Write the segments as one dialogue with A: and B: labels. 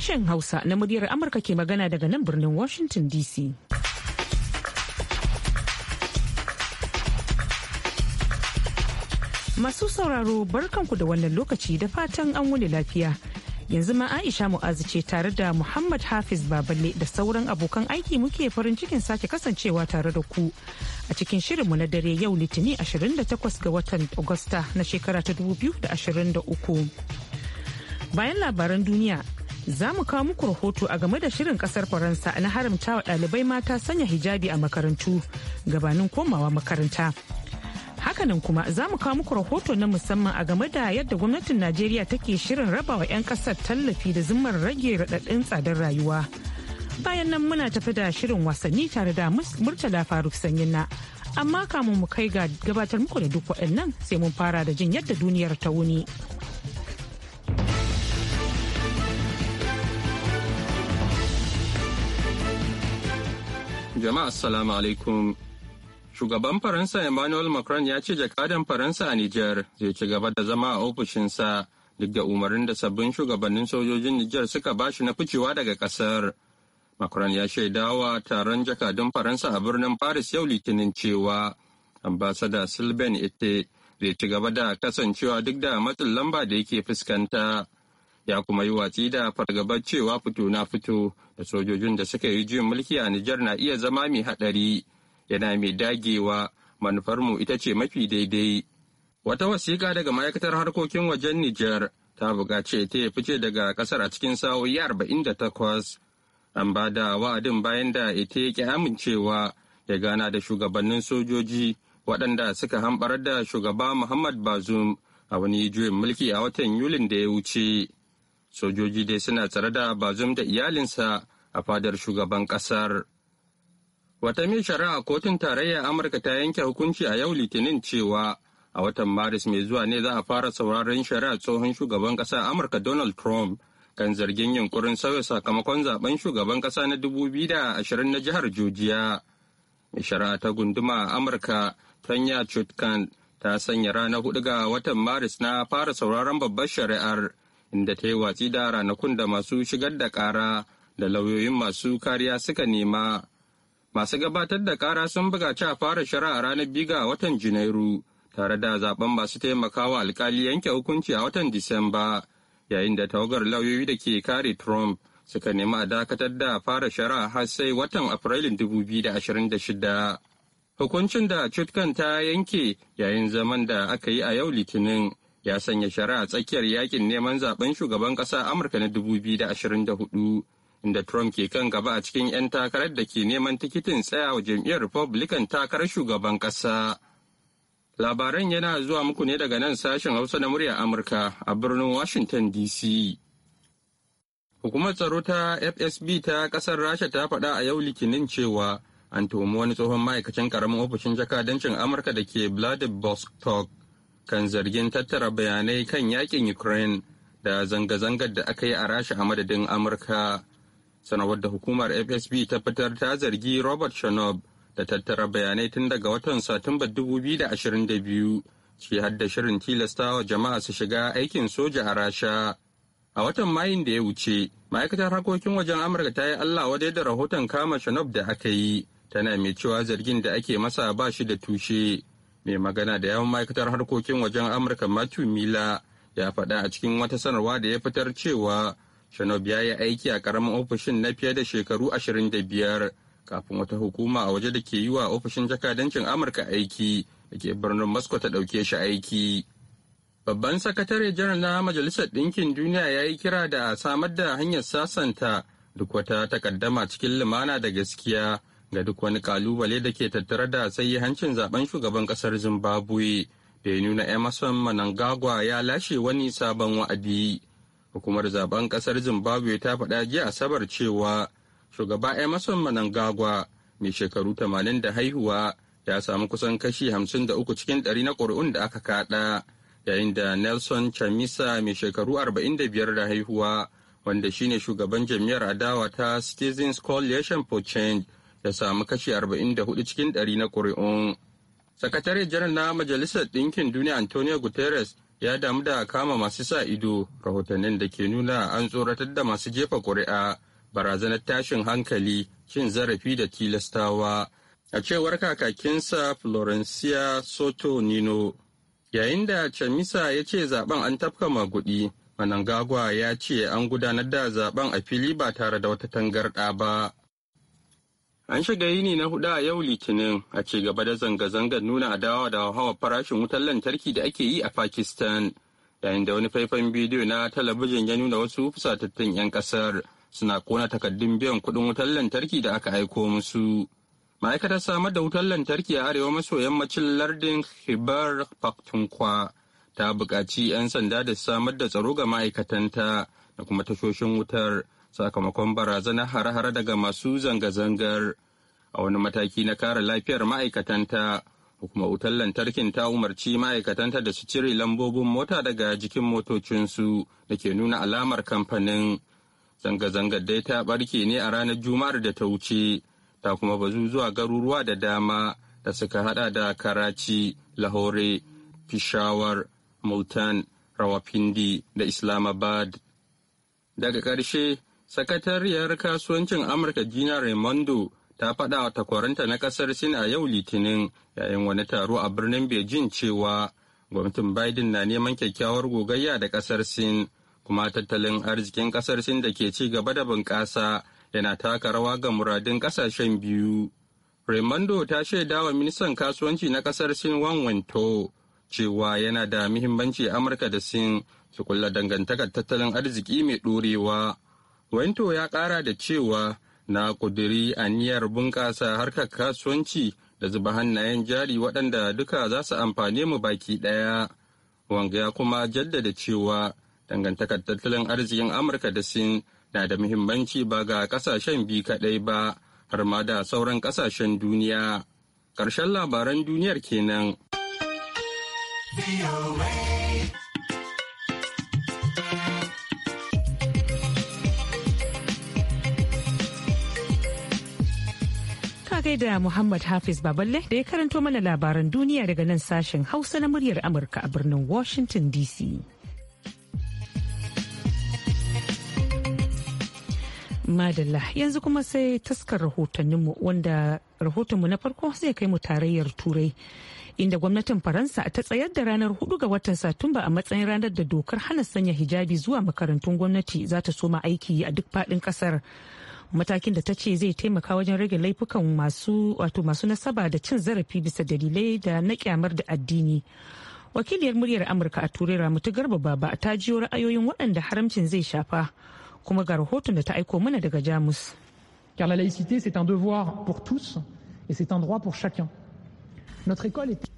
A: Sashen Hausa na muryar Amurka ke magana daga nan birnin Washington DC. Masu sauraro barkanku da wannan lokaci da fatan an wuni lafiya. Yanzu ma Aisha Mu'azu ce tare da Muhammad Hafiz Baballe da sauran abokan aiki muke farin cikin sake kasancewa tare da ku a cikin shirinmu na dare yau Litini 28 ga watan Agusta na shekara ta 2023. Bayan labaran duniya za mu kawo muku rahoto a game da shirin kasar faransa na haramta wa ɗalibai mata sanya hijabi a makarantu gabanin komawa makaranta hakanan kuma za mu kawo muku rahoto na musamman a game da yadda gwamnatin najeriya take shirin raba wa 'yan kasar tallafi da zimmar rage raɗaɗin tsadar rayuwa bayan nan muna tafi da shirin wasanni tare da murtala faruk sanyina amma kamun mu kai ga gabatar muku da duk waɗannan sai mun fara da jin yadda duniyar ta wuni.
B: Jama'a assalamu alaikum. Shugaban Faransa Emmanuel Macron ya ce jakadan Faransa a Nijar zai ci gaba da zama a ofishinsa duk da umarnin da sabbin shugabannin sojojin Nijar suka ba shi na ficewa daga kasar. Macron ya shaidawa taron jakadun Faransa a birnin Paris yau Litinin cewa ambasada Sylvain Ete zai ci gaba da kasancewa duk da matsin lamba da yake fuskanta. Ya kuma yi watsi da fargabar cewa fito na fito da sojojin da suka yi juyin mulki a Nijar na iya zama mai haɗari yana mai dagewa manufarmu ita ce mafi daidai. Wata wasiƙa daga ma'aikatar harkokin wajen Nijar ta buƙaci ta ya fice daga ƙasar a cikin sa'o'i arba'in da takwas. An ba da wa'adin bayan da ita ya ƙi amincewa ya gana da shugabannin sojoji waɗanda suka hamɓar da shugaba Muhammad Bazoum a wani juyin mulki a watan Yulin da ya wuce. Sojoji dai suna tsare da bazum da iyalinsa a fadar shugaban ƙasar. Wata mai shari'a kotun tarayya Amurka ta yanke hukunci a yau Litinin cewa a watan Maris mai zuwa ne za a fara sauraron shari'a tsohon shugaban ƙasa Amurka Donald Trump kan zargin yunkurin sauya sakamakon zaben shugaban ƙasa na 2020 na jihar jujiya Mai shari'a ta gunduma a Amurka Tanya Chutkan ta sanya ranar hudu ga watan Maris na fara sauraron babbar shari'ar inda ta yi watsi da ranakun da masu shigar da ƙara da lauyoyin masu kariya suka nema. Masu gabatar da kara sun bugaci a fara shari'a ranar biga a watan Janairu, tare da zaben masu taimakawa alkali yanke hukunci a watan Disamba, yayin da tawagar lauyoyi da ke kare Trump suka nemi a dakatar da fara shari'a har sai watan Afrilun 2026. Hukuncin da cutkan ta yanke yayin zaman da aka yi a yau Litinin ya sanya shari'a tsakiyar yakin neman zaben shugaban ƙasa Amurka na 2024. inda Trump ke kan gaba a cikin 'yan takarar da ke neman tikitin tsayawa jam'iyyar Republican takarar shugaban ƙasa. Labaran yana zuwa muku ne daga nan sashen Hausa na murya Amurka a birnin Washington DC. Hukumar tsaro ta FSB ta ƙasar Rasha ta faɗa a yau Litinin cewa an tuhumi wani tsohon ma'aikacin ƙaramin ofishin jakadancin Amurka da ke Vladivostok kan zargin tattara bayanai kan yakin Ukraine da zanga-zangar da aka yi a Rasha a madadin Amurka. sanarwar da hukumar fsb ta fitar ta zargi robert shanob da tattara bayanai tun daga watan satumba 2022 ciki har da shirin tilastawa jama'a su shiga aikin soja a rasha a watan mayin da ya wuce ma'aikatar harkokin wajen amurka ta yi allah wadai da rahoton kama shanob da aka yi tana mai cewa zargin da ake masa ba shi da tushe mai magana da yawan ma'aikatar harkokin wajen amurka matthew miller ya faɗa a cikin wata sanarwa da ya fitar cewa Shanob ya yi aiki a ƙaramin ofishin na fiye da shekaru 25 kafin wata hukuma a waje da ke yi wa ofishin jakadancin Amurka aiki da ke birnin Moscow ta ɗauke shi aiki. Babban sakatare janar na Majalisar Ɗinkin Duniya ya yi kira da samar da hanyar sasanta duk wata takaddama cikin lumana da gaskiya ga duk wani kalubale da ke tattare da hancin zaben shugaban ƙasar Zimbabwe da ya nuna Emerson Manangagwa ya lashe wani sabon wa'adi. hukumar zaben kasar zimbabwe ta faɗa jiya asabar cewa shugaba emerson manangagwa mai shekaru 80 da haihuwa ya samu kusan kashi 53 cikin 100 na ƙuri'un da aka kaɗa yayin da nelson chamisa mai shekaru 45 da haihuwa wanda shine shugaban jam'iyyar adawa ta citizens coalition for change ya samu kashi 44 cikin 100 na ƙuri'un sakatare janar na majalisar ɗinkin duniya antonio guterres ya damu da kama masu sa ido rahotannin da ke nuna an tsoratar da masu jefa ƙuri'a barazanar tashin hankali cin zarafi da tilastawa a cewar kakakinsa florencia soto nino yayin da chamisa ya ce zaben an tafka magudi manangagwa ya ce an gudanar da zaben a fili ba tare da wata tangarɗa ba An shiga yini na hudu a yau Litinin a ci gaba da zanga-zangar nuna adawa da hawa farashin wutar lantarki da ake yi a Pakistan. Yayin da wani faifan bidiyo na talabijin ya nuna wasu fusatattun 'yan kasar suna kona takardun biyan kuɗin wutar lantarki da aka aiko musu. Ma'aikatar samar da wutar lantarki a arewa maso yammacin lardin Hibar Pakhtunkhwa ta buƙaci 'yan sanda da samar da tsaro ga ma'aikatanta da kuma tashoshin wutar sakamakon barazanar hare-hare daga masu zanga-zangar a wani mataki na kare lafiyar ma'aikatanta hukumar wutar lantarkin ta umarci ma'aikatanta da su cire lambobin mota daga jikin motocinsu da ke nuna alamar kamfanin zanga-zangar dai ta barke ne a ranar juma'ar da ta wuce ta kuma bazu zuwa garuruwa da dama da suka hada da karachi lahore pishawar multan rawapindi da islamabad daga ƙarshe Sakatariyar kasuwancin Amurka Gina Raimondo ta faɗa a takwaranta na ƙasar Sin a yau Litinin yayin wani taro a birnin Beijing cewa gwamnatin Biden na neman kyakkyawar gogayya da ƙasar Sin kuma tattalin arzikin ƙasar Sin da ke ci gaba da bunƙasa yana taka rawa ga muradun ƙasashen biyu. Raimondo ta shaida wa ministan kasuwanci na ƙasar Sin Wang Wento cewa yana da muhimmanci Amurka da Sin su kulla dangantakar tattalin arziki mai ɗorewa. wento ya ƙara da cewa na a aniyar bunƙasa harkar kasuwanci da zuba hannayen jari waɗanda duka za su amfane mu baki ɗaya. Wanga ya kuma jaddada cewa dangantakar tattalin arzikin Amurka da Sin na da muhimmanci ba ga ƙasashen biyu kaɗai ba, har ma da sauran ƙasashen duniya. Ƙarshen labaran duniyar kenan.
A: Ka gaida Muhammad Hafiz Baballe da ya karanto mana labaran duniya daga nan sashen Hausa na muryar Amurka a birnin Washington DC. Madalla yanzu kuma sai taskar rahotanninmu wanda rahotonmu na farko zai kai mu tarayyar turai inda gwamnatin faransa ta tsayar da ranar 4 ga watan satumba a matsayin ranar da dokar hana sanya hijabi zuwa makarantun gwamnati za ta soma aiki a duk faɗin ƙasar. kasar matakin da ta ce zai taimaka wajen rage laifukan masu wato masu nasaba da cin zarafi bisa dalilai da na kyamar da addini wakiliyar muryar amurka a turai ramutu garba baba ta jiyo ra'ayoyin waɗanda haramcin zai shafa kuma ga rahoton da ta aiko mana daga jamus car la laïcité c'est un devoir
C: pour tous et c'est un droit pour chacun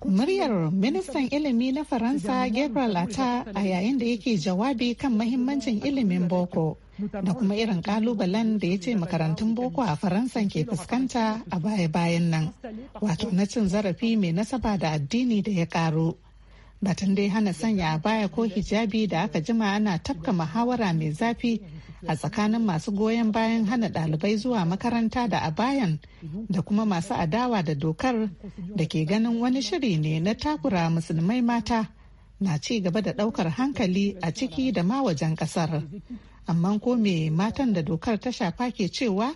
C: Muryar ministan ilimi na Faransa Gabriel Atta a yayin da yake jawabi kan mahimmancin ilimin boko da kuma irin kalubalen da ya ce makarantun boko a Faransa ke fuskanta a baya-bayan nan, wato na cin zarafi mai nasaba da addini da ya karu. Batun dai hana sanya baya ko hijabi da aka jima ana tafka muhawara mai zafi a tsakanin masu goyon bayan hana ɗalibai zuwa makaranta da a bayan da kuma masu adawa da dokar da ke ganin wani shiri ne na takura musulmai mata na ci gaba da ɗaukar hankali a ciki da ma wajen ƙasar. Amma ko me matan da dokar ta shafa ke cewa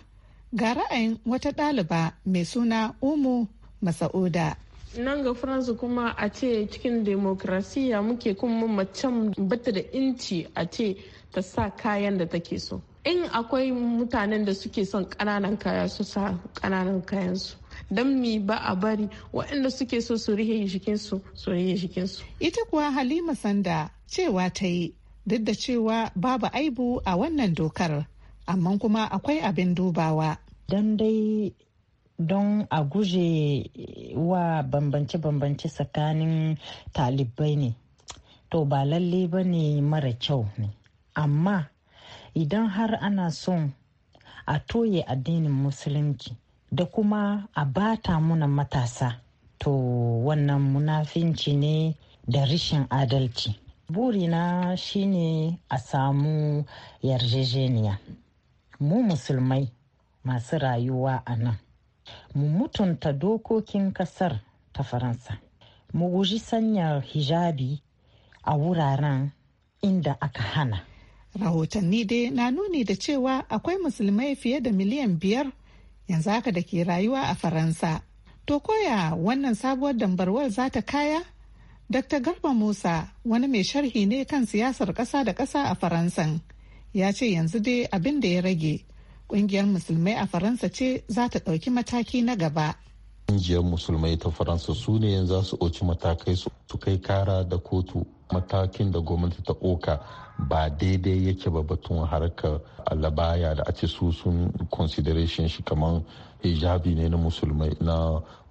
C: ga ra'ayin wata ɗaliba mai suna Umu Masa'uda.
A: nan ga faransa kuma a ce cikin demokrasiya muke kuma macen bata da inci a ce ta sa kayan da take so in akwai mutanen da suke son kananan kaya su sa kayan
C: kayansu don mi ba a bari waɗanda suke so su rihe jikinsu su rihe jikinsu ita kuwa halima sanda cewa ta yi duk da cewa babu aibu a wannan dokar amma kuma akwai abin dubawa don dai don a guje wa bambance-bambance tsakanin
A: talibai ne to ba lalle ba ne mara kyau ne amma idan har ana son a toye addinin musulunci da kuma a bata muna matasa to wannan munafinci ne da rishin adalci burina shine a samu yarjejeniya mu musulmai masu rayuwa a nan mu mutunta dokokin kasar ta faransa mu guji sanya
C: hijabi a wuraren inda aka hana rahotanni dai na nuni da cewa akwai musulmai fiye da miliyan biyar yanzu haka da ke rayuwa a faransa to koya wannan sabuwar dambarwar za ta kaya dr garba musa wani mai sharhi ne kan siyasar ƙasa da ƙasa a faransa ya ce yanzu dai abin da ya rage ƙungiyar musulmai a faransa ce za ta ɗauki mataki na gaba
D: ƙungiyar musulmai ta faransa su ne za su ɗauki matakai su kai kara da kotu matakin da gwamnati ta oka ba daidai yake ba batun harkar alabaya da a ce su sun consideration shi kamar hijabi ne na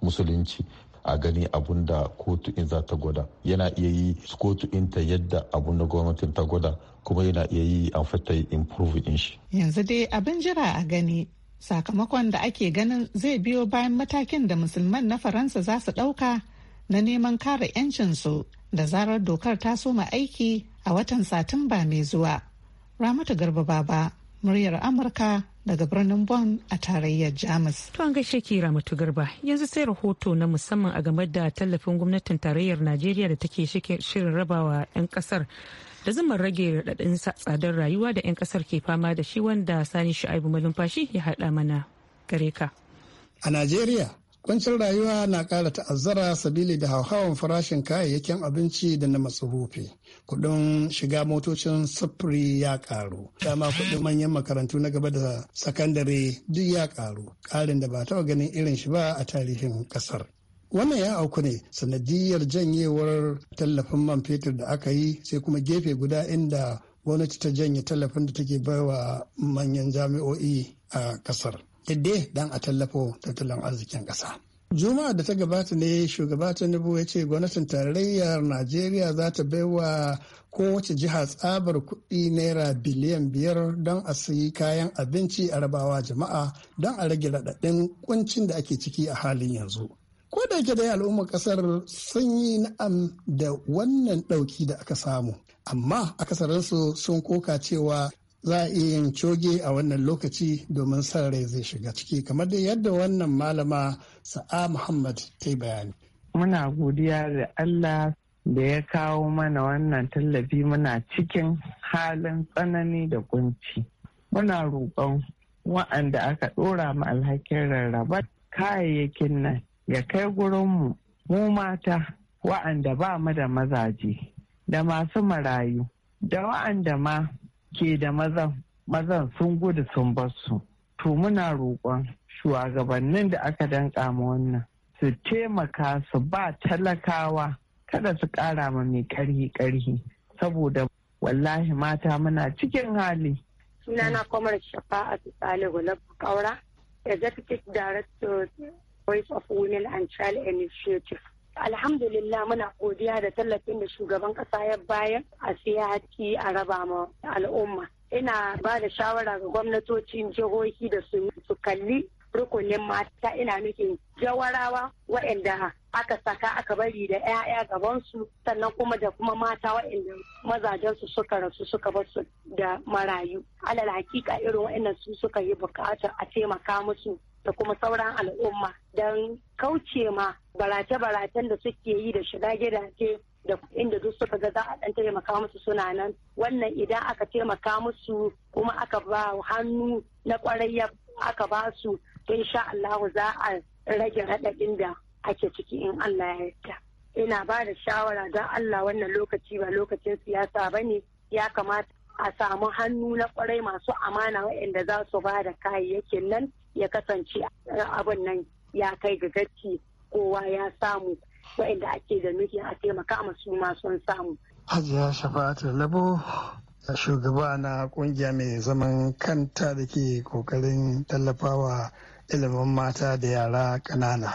D: musulunci a gani abun da kotu in za ta gwada yana iya yi kotu in ta yadda abun da gwamnatin ta gwada kuma yana iya yi an fata
E: improve in shi
C: yanzu dai abin jira a gani sakamakon da ake ganin zai biyo bayan matakin da musulman na faransa za su ɗauka na neman kare 'yancinsu da zarar dokar ta soma aiki a watan satumba mai zuwa ramatu garba baba muryar amurka daga birnin bon a tarayyar Jamus. To an gaishe ki Ramatu Garba
A: yanzu sai rahoto na musamman a game da tallafin gwamnatin tarayyar Najeriya da take shirin rabawa 'yan kasar da zumar rage raɗaɗin tsadar rayuwa da 'yan kasar ke fama da shi wanda Sani Shu'aibu Malumfashi ya haɗa mana gare ka.
F: A Najeriya Kwancin rayuwa na ƙara ta'azzara sabili da hauhawan farashin kayayyakin abinci da na masarufi. Kuɗin shiga motocin sufuri ya ƙaru. Dama kuɗin manyan makarantu na gaba da sakandare duk ya ƙaru. Ƙarin da ba taɓa ganin irin shi ba a tarihin ƙasar. Wannan ya auku ne sanadiyar janyewar tallafin man fetur da aka yi sai kuma gefe guda inda gwamnati ta janye tallafin da take baiwa manyan jami'o'i a ƙasar. yadda dan a tallafo tattalin arzikin ƙasa. juma'a da ta gabata ne shugaba tinubu ya ce gwamnatin tarayyar najeriya za ta bai wa. kowace jiha tsabar kuɗi naira biliyan biyar don a sayi kayan abinci a rabawa jama'a don a rage raɗaɗin kuncin da ake ciki a halin yanzu ko da yake dai al'ummar kasar sun yi na'am da wannan ɗauki da aka samu amma akasarinsu sun koka cewa za a iya yin coge a wannan lokaci domin san rai zai shiga ciki kamar da yadda wannan malama sa'a muhammad ta bayani muna godiya da allah da ya kawo mana wannan tallafi muna cikin halin tsanani da kunci muna roƙon wa'anda aka ɗora ma alhakin rarraba kayayyakin nan ya kai gurinmu mu mata wa'anda ba mu da mazaje da masu marayu da wa'anda ma ke da mazan mazan sun gudu sun bar su to muna roƙon shugabannin da aka danƙa ma wannan su taimaka su ba talakawa kada su ƙara ma mai ƙarhi ƙarhi saboda wallahi mata muna cikin hali
G: Suna sunana kwamar shafa'atu salihu na kaura executive director voice of women and child initiative Alhamdulillah muna godiya da tallafin da shugaban kasa ya bayar a siyaki a raba ma al'umma. Ina ba da shawara ga gwamnatocin jihohi da su kalli rukunin mata ina nufin jawarawa waɗanda aka saka aka bari da 'ya'ya gabansu sannan kuma da kuma mata waɗanda mazajensu suka rasu suka basu da marayu alal hakika irin waɗannan su suka yi bukatar a taimaka musu da kuma sauran al'umma don kauce ma barace-baracen da suke yi da shiga gidaje da inda duk suka ga za a dan taimaka musu suna nan wannan idan aka taimaka musu kuma aka ba hannu na kwarai aka ba su to insha Allah za a rage raɗaɗin da ake ciki in Allah ya yarda ina ba da shawara don Allah wannan lokaci ba lokacin siyasa ba ne ya kamata a samu hannu na kwarai masu amana waɗanda za su ba da kayayyakin nan ya kasance abin nan ya kai ga gaci kowa ya samu waɗanda ake da nufin a taimaka masu masu samu.
F: Hajiya Shafatu Labo shugaba na kungiya mai zaman kanta da ke kokarin tallafawa ilimin mata da yara ƙanana.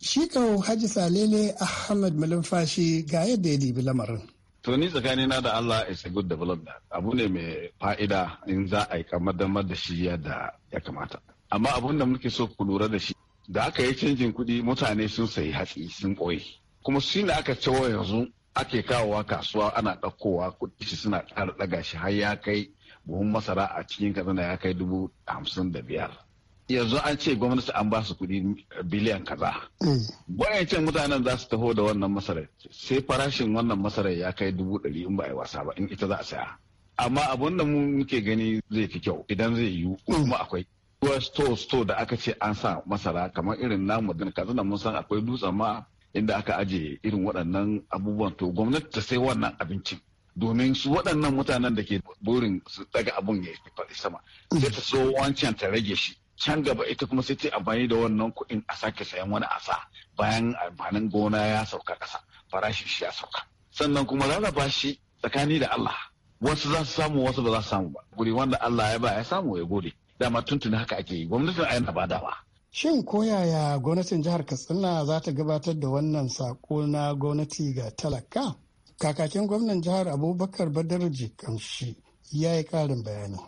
F: Shi kan Haji Salele Ahmad Malumfashi ga yadda ya dibi lamarin.
H: to ni na da Allah is a good development abu ne mai fa'ida in za a yi kamar da shi yadda ya kamata amma abun da muke so ku lura da shi da aka yi canjin kuɗi mutane sun sayi hatsi sun ɓoye kuma shi ne aka cewa yanzu ake kawowa kasuwa ana ɗaukowa kuɗi shi suna ƙara ɗaga shi har ya kai buhun masara a cikin kaduna ya kai dubu hamsin da biyar yanzu an ce gwamnati an ba su kuɗi biliyan kaza. Mm. ce mutanen za su taho da wannan masarar sai farashin wannan masarar ya kai dubu ɗari in ba a yi wasa ba in ita za a saya. Amma abin da mu muke gani zai fi kyau idan zai yiwu mm. kuma akwai. Ruwa store store da aka ce an sa masara kamar irin namu da kaza mun san akwai dutsen ma inda aka ajiye irin waɗannan abubuwan to gwamnati ta sai wannan abincin. domin su waɗannan mutanen da ke burin su daga abun ya fi sama mm. sai ta so wancan ta rage shi can gaba ita kuma sai ta amfani da wannan kuɗin a sake sayan wani asa bayan amfanin gona ya sauka ƙasa farashin shi ya sauka sannan kuma rarraba shi tsakani da Allah wasu za su samu wasu ba za su samu ba guri wanda Allah ya ba ya samu ya gode dama tuntuni haka ake yi gwamnatin a yana badawa Shin
F: koyaya gwamnatin jihar Katsina za ta gabatar da wannan sako na gwamnati ga talaka? Kakakin gwamnan jihar Abubakar Badarji kamshi ya yi ƙarin bayani.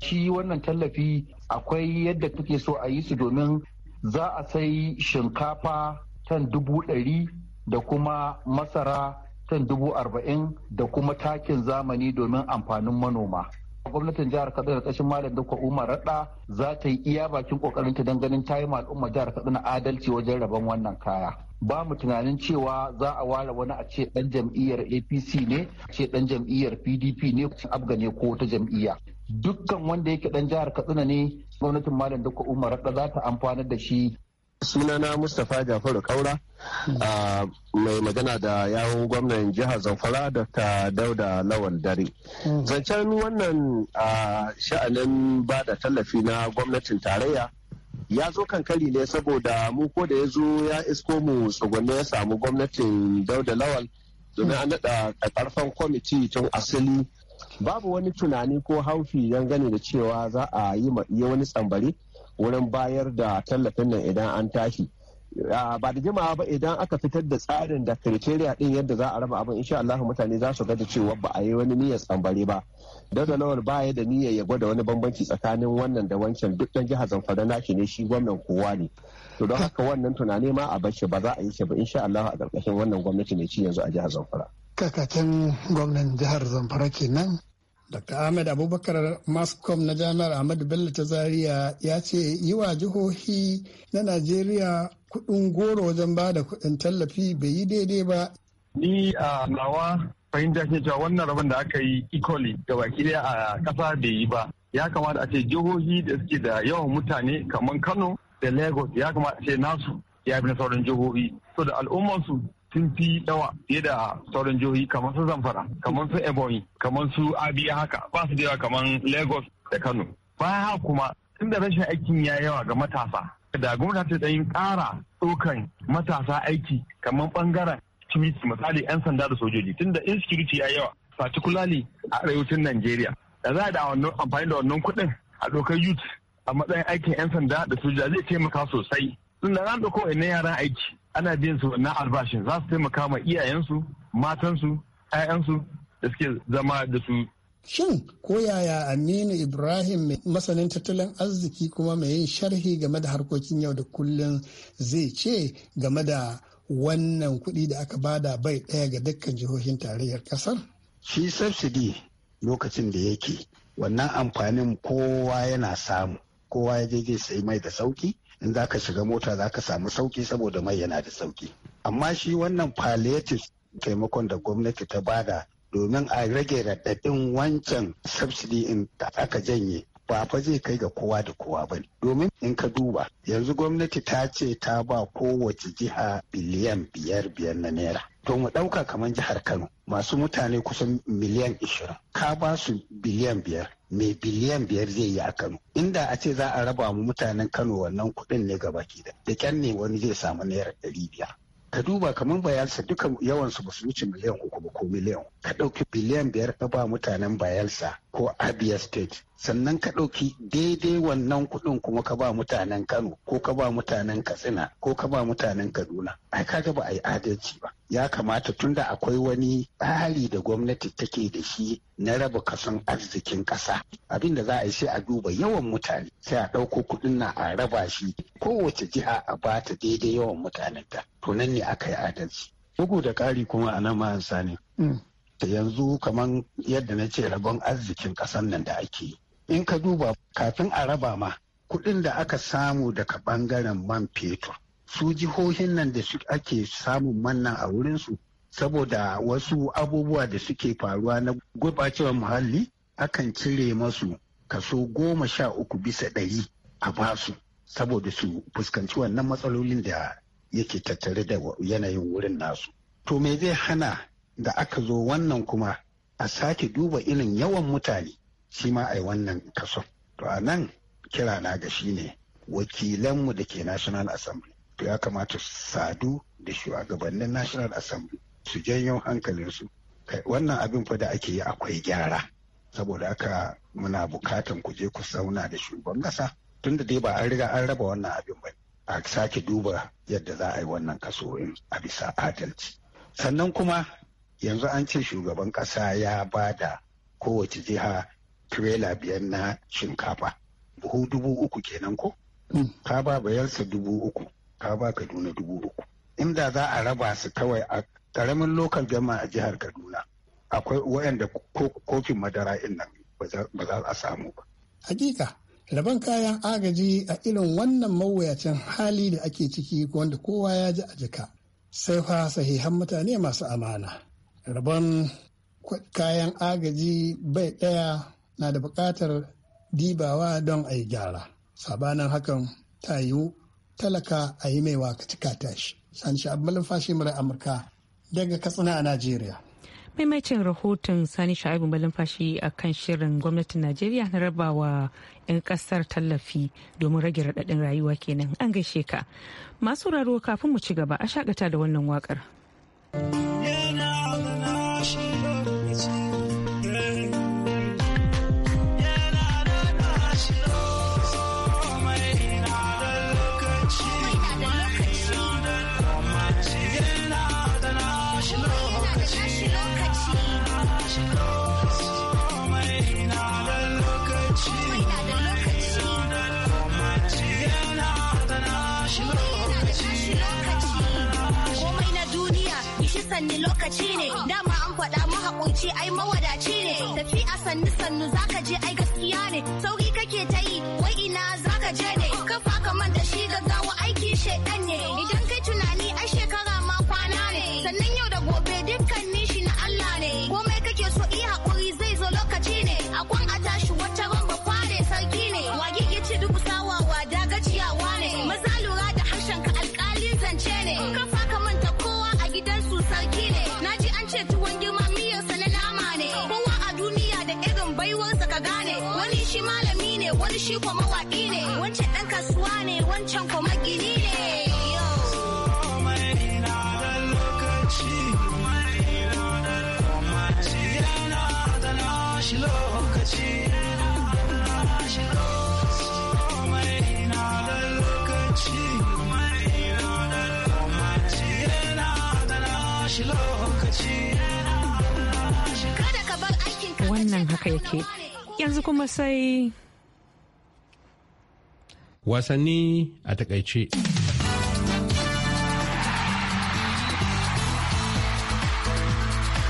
D: Shi wannan tallafi akwai yadda kuke so a yi su domin za a sai shinkafa tan dubu ɗari da kuma masara tan dubu arba'in da kuma takin zamani domin amfanin manoma. gwamnatin jihar kaduna kashin malam duka umar raɗa za ta yi iya bakin kokarin ta ganin ta yi al'umma jihar Katsina adalci wajen rabon wannan kaya ba mu tunanin cewa za a ware wani a ce ɗan jam'iyyar apc ne a ce dan jam'iyyar pdp ne ko ta jam'iyya dukkan wanda yake dan jihar katsina ne gwamnatin malam duka umar da za ta amfana da shi sunana mustapha jafaru kaura mai magana da yawon gwamnan jihar zamfara dr dauda lawal dare hmm. zancen wannan sha'anin ba da tallafi na gwamnatin tarayya ya zo kankari ne saboda mu ko da ya zo ya isko mu tsugunne ya samu gwamnatin dauda lawal domin an naɗa ƙarfan kwamiti tun asali babu wani tunani ko haufi dangane da cewa za a yi wani tsambari wurin bayar da tallafin nan idan an tashi ba da jimawa ba idan aka fitar da tsarin da kriteria din yadda za a raba abin insha Allah mutane za su gada cewa ba a yi wani niyyar tsambari ba da lawal baya da niyyar ya gwada wani bambanci tsakanin wannan da wancan duk dan jihar zamfara naki ne shi gwamnan kowa ne to don haka wannan tunani ma a bace ba za a yi shi ba insha Allah a ƙarƙashin wannan gwamnati mai ci yanzu a jihar Zamfara
F: kakakin gwamnan jihar Zamfara kenan Dr. Ahmed Abubakar Mascom na Jami'ar Ahmadu Bello ta Zaria ya ce yi wa jihohi na Najeriya kuɗin goro wajen ba da kuɗin tallafi bai yi daidai ba. Ni a
D: nawa fahimta ke cewa wannan rabin da aka yi equally ga baki daya a ƙasa bai yi ba. Ya kamata a ce jihohi da suke da yawan mutane kamar Kano da lagos ya kamata ce nasu ya fi na sauran jihohi so da su sun fi yawa fiye da sauran jihohi kamar su zamfara kamar su ebonyi kamar su abia haka ba su da yawa kamar lagos da kano bayan haka kuma tun da rashin aikin ya yawa ga matasa da gwamnati ta tsayin ƙara ɗaukan matasa aiki kamar bangaren security misali 'yan sanda da sojoji tun da insecurity ya yawa particularly a arewacin Najeriya da za a da amfani da wannan kuɗin a ɗaukar youth a matsayin aikin 'yan sanda da soja zai taimaka sosai tunda da ɗauko yaran aiki ana biyan su wannan albashin za su taimaka ma iyayensu matansu 'ya'yansu da suke zama da su
F: Shin ko yaya Aminu Ibrahim mai masanin tattalin arziki kuma mai yin sharhi game da harkokin yau da kullum zai ce game da wannan kuɗi da aka bada bai ɗaya ga dukkan jihohin tarayyar ƙasar?
I: Shi subsidy lokacin da yake wannan amfanin kowa yana samu kowa ya je zai sayi mai da sauki in za ka shiga mota za ka samu sauki saboda mai yana da sauki amma shi wannan palliative taimakon da gwamnati ta bada domin a rage raɗaɗin wancan subsidy in da aka janye ba fa zai kai ga kowa da kowa ba domin in ka duba yanzu gwamnati ta ce ta ba kowace jiha biliyan biyar biyar na naira to mu ɗauka kamar jihar kano masu mutane kusan miliyan ishirin ka ba su biliyan biyar mai biliyan biyar zai yi a kano inda a ce za a raba mu mutanen kano wannan kuɗin ne gaba da da kyan ne wani zai samu naira ɗari biyar ka duba kamar bayelsa duka yawansu ba su wuce miliyan uku ba ko miliyan ka ɗauki biliyan biyar ka ba mutanen bayelsa ko abia state sannan ka ɗauki daidai wannan kuɗin kuma ka ba mutanen kano ko ka ba mutanen katsina ko ka ba mutanen kaduna ai ka ga ba a yi adalci ba ya kamata tunda akwai wani tsari da gwamnati take da shi na raba kason arzikin ƙasa abin da za a yi sai a duba yawan mutane sai a ɗauko kuɗin na a raba shi kowace jiha a bata daidai yawan mutanen ta to nan ne aka yi adalci bugu da ƙari kuma a nan ma'an ne yanzu kamar yadda na ce rabon arzikin ƙasan nan da ake in ka duba kafin a raba ma kuɗin da aka samu daga ɓangaren man fetur su jihohin nan da ake samun mannan a wurinsu saboda wasu abubuwa da suke faruwa na gurɓacewar muhalli akan cire masu kaso goma sha uku bisa ɗari a basu saboda su fuskanci wannan matsalolin da yake tattare da yanayin wurin nasu. To me zai hana da aka zo wannan kuma a sake duba irin yawan mutane shi ma a wannan kaso to a nan kira na ga shi ne wakilanmu da ke national assembly to ya kamata sadu da shugabannin national assembly su janyo hankalinsu wannan abin fa da ake yi akwai gyara saboda aka muna bukatan ku je ku sauna da shugaban kasa tunda dai ba an riga an raba wannan abin ba a sake duba yadda za a yi wannan kaso a bisa adalci sannan kuma yanzu an ce shugaban ƙasa ya ba da kowace jiha tirela biyar na shinkafa buhu dubu uku kenan ko hmm. ka ba bayelsa dubu uku ka ba kaduna dubu uku inda za a raba su kawai a ƙaramin lokal gama a jihar kaduna akwai waɗanda kofin madara nan ba za a samu ba
F: hakika rabon kayan agaji a irin wannan mawuyacin hali da ake ciki wanda kowa ya ji a jika sai fa sahihan mutane masu amana rabon kayan agaji bai ɗaya na da buƙatar dibawa don a yi gyara sabanin hakan ta yiwu talaka a yi mai ka cika tashi sanshi abmalin fashi mara amurka daga katsina a najeriya
A: maimacin rahoton sani sha'ibu malumfashi a kan shirin gwamnatin najeriya na rabawa 'yan kasar tallafi domin rage raɗaɗin rayuwa kenan an gaishe ka masu raro kafin mu ci gaba a shakata da wannan waƙar.
G: sanni lokaci ne dama an faɗa mahaƙoci ai mawadaci ne tafi a sanni sannu zaka je ai gaskiya ne sauri kake ta wai ina zaka je ne kafa ka manta shi gaggawa aiki shedan ne idan
A: nan haka yake yanzu kuma sai
B: wasanni a takaice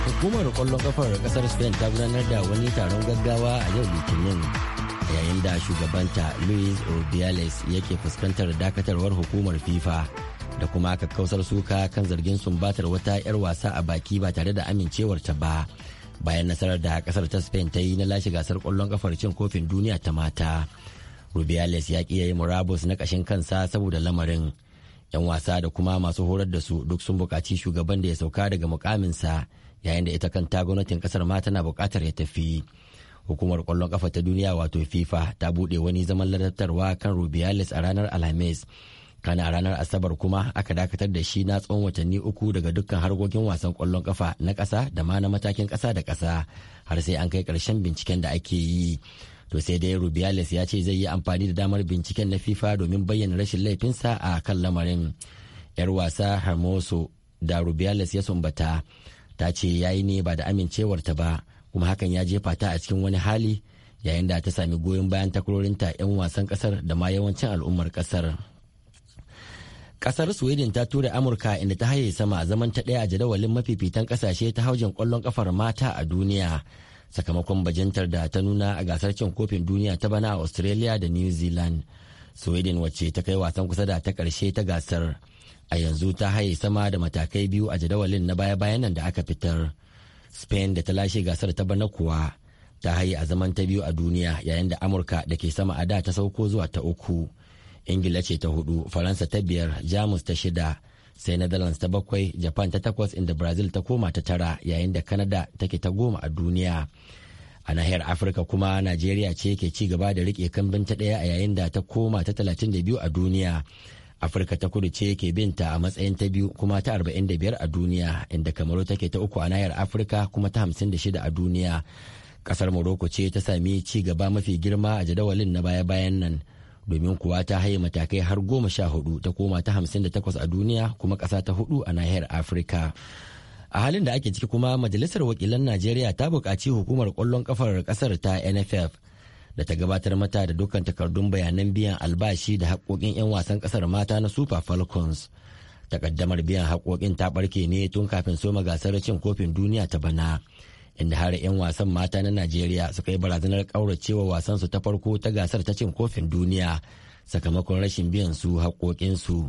E: hukumar kwallon kafar kasar spain ta gudanar da wani taron gaggawa a yau litinin yayin da shugabanta luis obiales yake fuskantar dakatarwar hukumar fifa da kuma kakkausar suka kan zargin sumbatar wata 'yar wasa a baki ba tare da amincewarta ba bayan nasarar da kasar ta spain ta yi na lashe gasar kwallon kafar cin kofin duniya ta mata rubiales ya ƙi yi murabus na ƙashin kansa saboda lamarin yan wasa da kuma masu horar da su duk sun buƙaci shugaban da ya sauka daga mukaminsa yayin da ita kanta gwamnatin kasar ma tana buƙatar ya tafi hukumar kwallon kafa ta duniya wato fifa ta buɗe wani zaman ladabtarwa kan rubiales a ranar alhamis kana ranar asabar kuma aka dakatar da shi na tsawon watanni uku daga dukkan harkokin wasan kwallon kafa na kasa da ma na matakin kasa da kasa har sai an kai karshen binciken da ake yi to sai dai rubiales ya ce zai yi amfani da damar binciken na fifa domin bayyana rashin laifinsa a kan lamarin yar wasa hermoso da rubiales ya sumbata ta ce ya yi ne ba da amincewarta ba kuma hakan ya jefa ta a cikin wani hali yayin da ta sami goyon bayan takwarorinta 'yan wasan kasar da ma yawancin al'ummar kasar Kasar Sweden ta tura Amurka inda ta haye sama a zaman ta ɗaya a jadawalin mafifitan kasashe ta haujin kwallon ƙafar mata a duniya. Sakamakon bajintar da ta nuna a gasar cin kofin duniya ta bana a Australia da New Zealand. Sweden wacce ta kai wasan kusa da ta karshe ta gasar. A yanzu ta haye sama da matakai biyu a jadawalin na baya-bayan nan da aka fitar. Spain da ta lashe gasar ta bana kuwa ta haye a zaman ta biyu a duniya yayin da Amurka da ke sama a da ta sauko zuwa ta uku. ingila ce ta hudu faransa ta biyar jamus ta shida sai netherlands ta bakwai japan ta takwas inda brazil ta koma ta tara yayin da canada take ta goma a duniya a nahiyar afirka kuma najeriya ce ke ci gaba da rike kambin ta daya a yayin da ta koma ta 32 a duniya afirka ta kudu ce ke bin ta a matsayin ta biyu kuma ta 45 a duniya inda kamaru take ta uku a nahiyar afirka kuma ta 56 a duniya kasar morocco ce ta sami ci gaba mafi girma a jadawalin na baya-bayan nan domin kuwa ta haye matakai har goma sha hudu ta koma ta hamsin da takwas a duniya kuma ƙasa ta hudu a nahiyar afirka a halin da ake ciki kuma majalisar wakilan najeriya ta buƙaci hukumar ƙwallon ƙafar ƙasar ta nff da ta gabatar mata da dukkan takardun bayanan biyan albashi da haƙoƙin 'yan wasan ƙasar mata na super falcons takaddamar biyan haƙoƙin ta ɓarke ne tun kafin soma gasar cin kofin duniya ta bana inda har 'yan wasan mata na najeriya suka yi barazanar kauracewa wasan su ta farko ta gasar ta cin kofin duniya sakamakon rashin biyan su haƙoƙinsu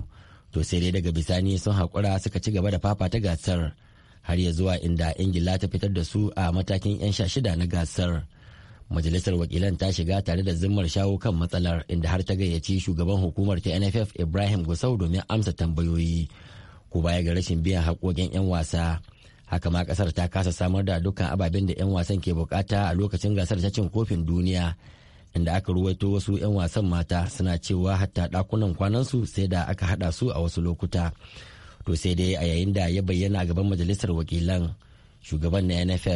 E: to sai dai daga bisani sun haƙura suka ci gaba da fafa ta gasar har ya zuwa inda ingila ta fitar da su a matakin 'yan sha shida na gasar majalisar wakilan ta shiga tare da zimmar shawo kan matsalar inda har ta gayyaci shugaban hukumar ta nff ibrahim gusau domin amsa tambayoyi ko baya ga rashin biyan haƙoƙin 'yan wasa haka ma kasar ta kasa samar da dukkan ababen da 'yan wasan ke bukata a lokacin gasar ta cin kofin duniya inda aka ruwaito wasu 'yan wasan mata suna cewa hatta dakunan kwanansu sai da aka hada su a wasu lokuta to sai dai a yayin da ya bayyana gaban majalisar wakilan shugaban na nff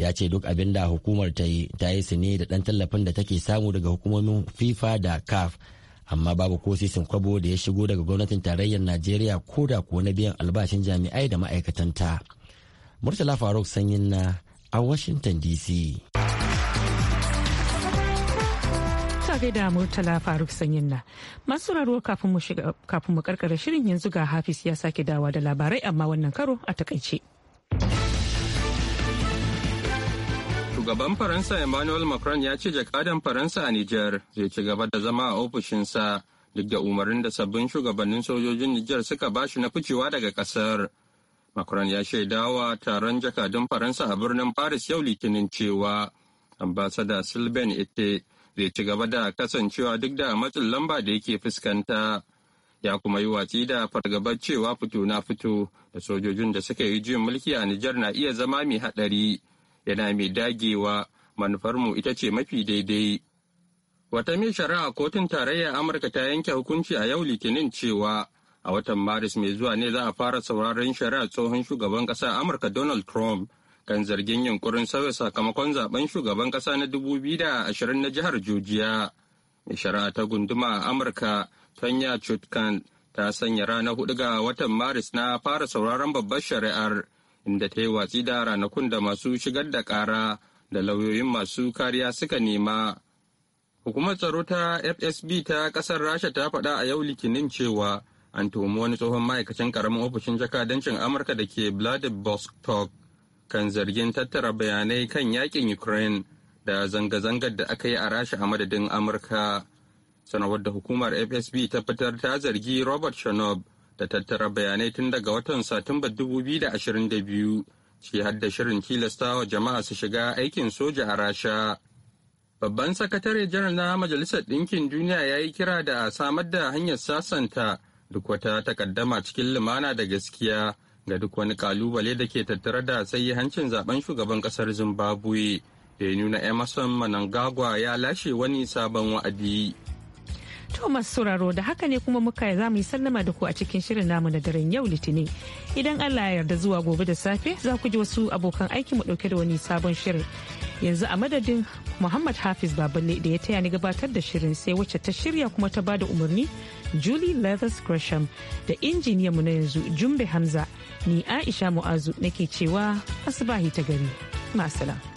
E: ya ce duk abin da hukumar ta yi ta yi su ne da dan tallafin da take samu daga hukumomin fifa da caf amma babu ko sisin kwabo da ya shigo daga gwamnatin tarayyar najeriya ko da kuwa na biyan albashin jami'ai da ma'aikatanta. Murtala Faruk sanyin na a Washington DC.
A: da Murtala Faruk Sanyin na. Masu raruwa kafin mu karkara shirin yanzu ga Hafiz ya sake dawa da labarai amma wannan karo a takaice.
B: Shugaban Faransa Emmanuel Macron ya ce jakadan Faransa a Nijar zai ci gaba da zama a ofishinsa duk da umarnin da sabbin shugabannin sojojin Nijar suka bashi na ficewa daga kasar Macron ya shaidawa taron jakadun Faransa a birnin Paris yau Litinin cewa ambasada Sylvain ita zai ci gaba da kasancewa duk da matsin lamba da yake fuskanta. Ya kuma yi watsi da fargabar cewa fito na fito da sojojin da suka yi jin mulki a Nijar na iya zama mai haɗari. Yana mai dagewa manufarmu ita ce mafi daidai. Wata mai shari'a kotun tarayya Amurka ta yanke hukunci a yau Litinin cewa a watan maris mai zuwa ne za a fara sauraron shari'a tsohon shugaban ƙasa amurka donald trump kan zargin yunkurin sauya sakamakon zaben shugaban kasa na 2020 na jihar georgia mai shari'a ta gunduma a amurka tanya chutkan ta sanya ranar hudu ga watan maris na fara sauraron babbar shari'ar inda ta yi watsi da ranakun da masu shigar da kara da lauyoyin masu kariya suka nema hukumar tsaro ta fsb ta ƙasar rasha ta faɗa a yau likinin cewa an tuhumi wani tsohon ma'aikacin karamin ofishin jakadancin amurka da ke vladivostok kan zargin tattara bayanai kan yakin ukraine da zanga-zangar da aka yi a rasha a madadin amurka sanarwar da hukumar fsb ta fitar ta zargi robert shanob da tattara bayanai tun daga watan satumba 2022 shi da shirin tilastawa jama'a su shiga aikin soja a rasha babban sakatare janar na majalisar ɗinkin duniya ya yi kira da a samar da hanyar sasanta duk wata takaddama cikin lumana da gaskiya ga duk wani kalubale da ke tattare da sayi hancin zaben shugaban kasar zimbabwe da ya nuna emerson manangagwa ya lashe wani sabon wa'adi
A: thomas masu sauraro da haka ne kuma muka za mu yi sallama da ku a cikin shirin namu na daren yau litinin. Idan Allah ya yarda zuwa gobe da safe za ku ji wasu abokan aiki mu dauke da wani sabon shirin. Yanzu a madadin Muhammad Hafiz Baballe da ya taya ni gabatar da shirin sai wacce ta shirya kuma ta bada umarni Julie Leathers Gresham da injiniyanmu na yanzu Jumbe Hamza ni Aisha Mu'azu nake cewa asibahi ta gari. masala